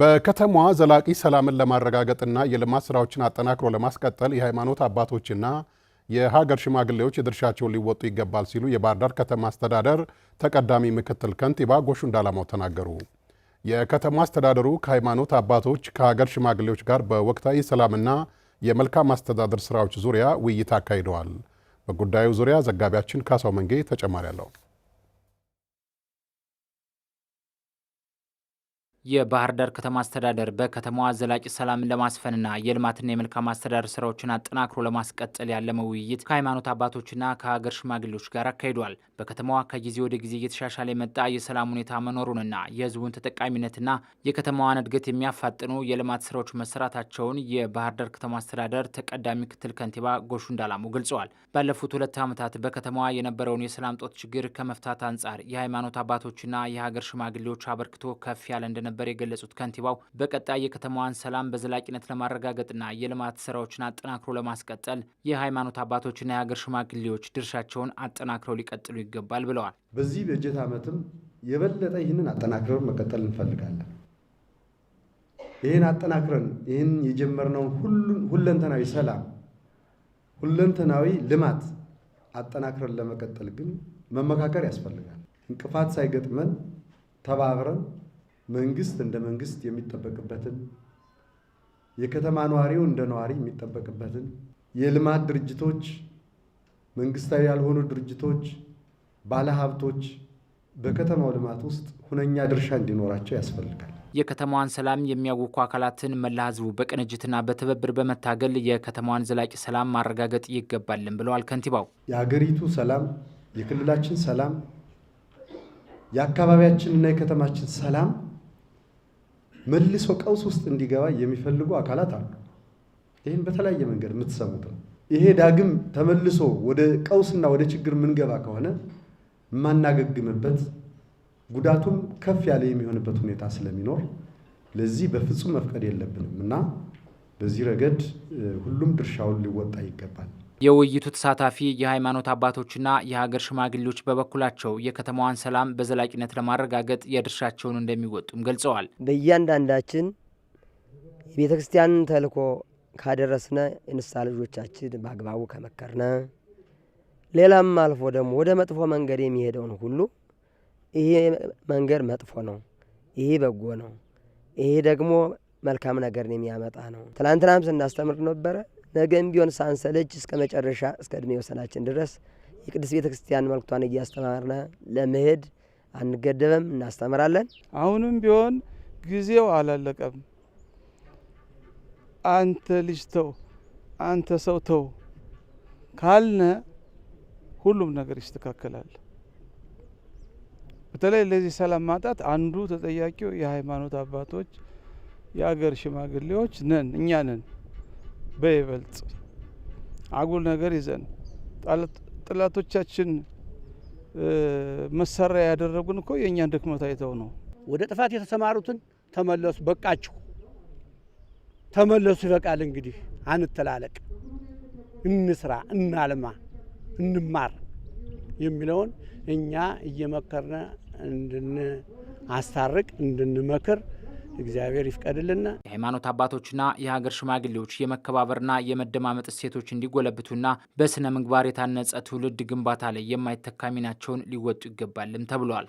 በከተማዋ ዘላቂ ሰላምን ለማረጋገጥና የልማት ስራዎችን አጠናክሮ ለማስቀጠል የሃይማኖት አባቶችና የሀገር ሽማግሌዎች የድርሻቸውን ሊወጡ ይገባል ሲሉ የባህርዳር ዳር ከተማ አስተዳደር ተቀዳሚ ምክትል ከንቲባ ጎሹ እንዳላማው ተናገሩ። የከተማ አስተዳደሩ ከሃይማኖት አባቶች ከሀገር ሽማግሌዎች ጋር በወቅታዊ ሰላምና የመልካም አስተዳደር ስራዎች ዙሪያ ውይይት አካሂደዋል። በጉዳዩ ዙሪያ ዘጋቢያችን ካሳው መንጌ ተጨማሪ አለው። የባህር ዳር ከተማ አስተዳደር በከተማዋ ዘላቂ ሰላምን ለማስፈንና የልማትና የመልካም አስተዳደር ስራዎችን አጠናክሮ ለማስቀጠል ያለመ ውይይት ከሃይማኖት አባቶችና ከሀገር ሽማግሌዎች ጋር አካሂዷል። በከተማዋ ከጊዜ ወደ ጊዜ እየተሻሻለ የመጣ የሰላም ሁኔታ መኖሩንና የህዝቡን ተጠቃሚነትና የከተማዋን እድገት የሚያፋጥኑ የልማት ስራዎች መሰራታቸውን የባህር ዳር ከተማ አስተዳደር ተቀዳሚ ምክትል ከንቲባ ጎሹ እንዳላሙ ገልጸዋል። ባለፉት ሁለት ዓመታት በከተማዋ የነበረውን የሰላም ጦት ችግር ከመፍታት አንጻር የሃይማኖት አባቶችና የሀገር ሽማግሌዎች አበርክቶ ከፍ ያለ እንደነበ እንደነበር የገለጹት ከንቲባው በቀጣይ የከተማዋን ሰላም በዘላቂነት ለማረጋገጥና የልማት ስራዎችን አጠናክሮ ለማስቀጠል የሃይማኖት አባቶችና የሀገር ሽማግሌዎች ድርሻቸውን አጠናክረው ሊቀጥሉ ይገባል ብለዋል። በዚህ በጀት ዓመትም የበለጠ ይህንን አጠናክረን መቀጠል እንፈልጋለን። ይህን አጠናክረን ይህን የጀመርነውን ሁለንተናዊ ሰላም፣ ሁለንተናዊ ልማት አጠናክረን ለመቀጠል ግን መመካከር ያስፈልጋል። እንቅፋት ሳይገጥመን ተባብረን መንግስት እንደ መንግስት የሚጠበቅበትን የከተማ ነዋሪው እንደ ነዋሪ የሚጠበቅበትን የልማት ድርጅቶች፣ መንግስታዊ ያልሆኑ ድርጅቶች፣ ባለሀብቶች በከተማው ልማት ውስጥ ሁነኛ ድርሻ እንዲኖራቸው ያስፈልጋል። የከተማዋን ሰላም የሚያውኩ አካላትን መላ ህዝቡ በቅንጅትና በትብብር በመታገል የከተማዋን ዘላቂ ሰላም ማረጋገጥ ይገባልን ብለዋል ከንቲባው። የሀገሪቱ ሰላም፣ የክልላችን ሰላም፣ የአካባቢያችንና የከተማችን ሰላም መልሶ ቀውስ ውስጥ እንዲገባ የሚፈልጉ አካላት አሉ። ይህን በተለያየ መንገድ የምትሰሙት ነው። ይሄ ዳግም ተመልሶ ወደ ቀውስና ወደ ችግር የምንገባ ከሆነ የማናገግምበት ጉዳቱም ከፍ ያለ የሚሆንበት ሁኔታ ስለሚኖር ለዚህ በፍጹም መፍቀድ የለብንም እና በዚህ ረገድ ሁሉም ድርሻውን ሊወጣ ይገባል። የውይይቱ ተሳታፊ የሃይማኖት አባቶችና የሀገር ሽማግሌዎች በበኩላቸው የከተማዋን ሰላም በዘላቂነት ለማረጋገጥ የድርሻቸውን እንደሚወጡም ገልጸዋል። በእያንዳንዳችን የቤተ ክርስቲያን ተልእኮ ካደረስነ የንስሐ ልጆቻችን በአግባቡ ከመከርነ ሌላም አልፎ ደግሞ ወደ መጥፎ መንገድ የሚሄደውን ሁሉ ይሄ መንገድ መጥፎ ነው፣ ይሄ በጎ ነው፣ ይሄ ደግሞ መልካም ነገርን የሚያመጣ ነው። ትናንትናም ስናስተምር ነበረ። ነገም ቢሆን ሳንሰለች እስከ መጨረሻ እስከ እድሜ ወሰናችን ድረስ የቅድስት ቤተ ክርስቲያን መልክቷን እያስተማርነ ለመሄድ አንገደበም፣ እናስተምራለን። አሁንም ቢሆን ጊዜው አላለቀም። አንተ ልጅ ተው፣ አንተ ሰው ተው ካልነ ሁሉም ነገር ይስተካከላል። በተለይ ለዚህ ሰላም ማጣት አንዱ ተጠያቂው የሃይማኖት አባቶች፣ የአገር ሽማግሌዎች ነን እኛ ነን። በይበልጥ አጉል ነገር ይዘን ጠላቶቻችን መሳሪያ ያደረጉን እኮ የእኛን ድክመት አይተው ነው። ወደ ጥፋት የተሰማሩትን ተመለሱ፣ በቃችሁ፣ ተመለሱ። ይበቃል እንግዲህ፣ አንተላለቅ፣ እንስራ፣ እናልማ፣ እንማር የሚለውን እኛ እየመከርን እንድንአስታርቅ እንድንመክር እግዚአብሔር ይፍቀድልና የሃይማኖት አባቶችና የሀገር ሽማግሌዎች የመከባበርና የመደማመጥ እሴቶች እንዲጎለብቱና በስነ ምግባር የታነጸ ትውልድ ግንባታ ላይ የማይተካ ሚናቸውን ሊወጡ ይገባልም ተብሏል።